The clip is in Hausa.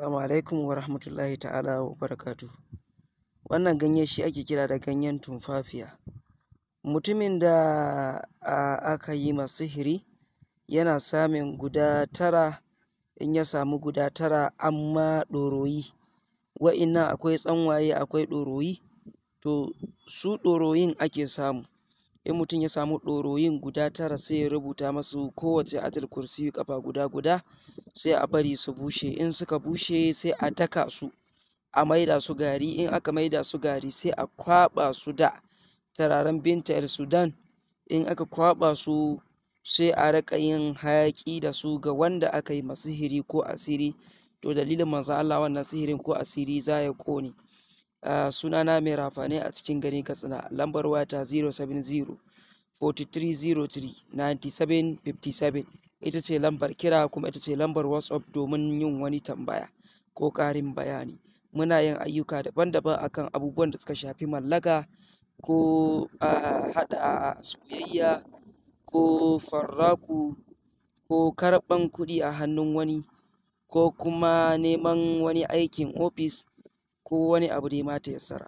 Assalamu alaikum wa rahmatullahi ta'ala wa barakatu. Wannan ganye shi ake kira da ganyen tumfafiya. Mutumin da aka yi ma sihiri yana samun guda tara in ya samu guda tara amma ɗoroyi. Wa'in akwai tsanwaye akwai ɗoroyi, to su ɗoroyin ake samu. in mutum ya samu ɗoroyin guda tara sai ya rubuta masu kowace atul kursi kafa guda guda sai a bari su bushe in suka bushe sai a daka su a maida su gari in aka maida su gari sai a kwaba su da tararen binta sudan in aka kwaba su sai a raka yin hayaki da su ga wanda aka yi masihiri ko asiri to dalilin manzo Allah wannan sihirin ko asiri za ya kone Uh, sunana mai rafane a cikin gani katsina lambar wata 070-4303-9757 ita ce lambar kira kuma ita ce lambar whatsapp domin yin wani tambaya ko karin bayani muna yin ayyuka daban-daban akan abubuwan da suka shafi mallaka ko uh, haɗa soyayya ko farraku ko karɓan kuɗi a hannun wani ko kuma neman wani aikin ofis ko wani abu dai ma ta yassara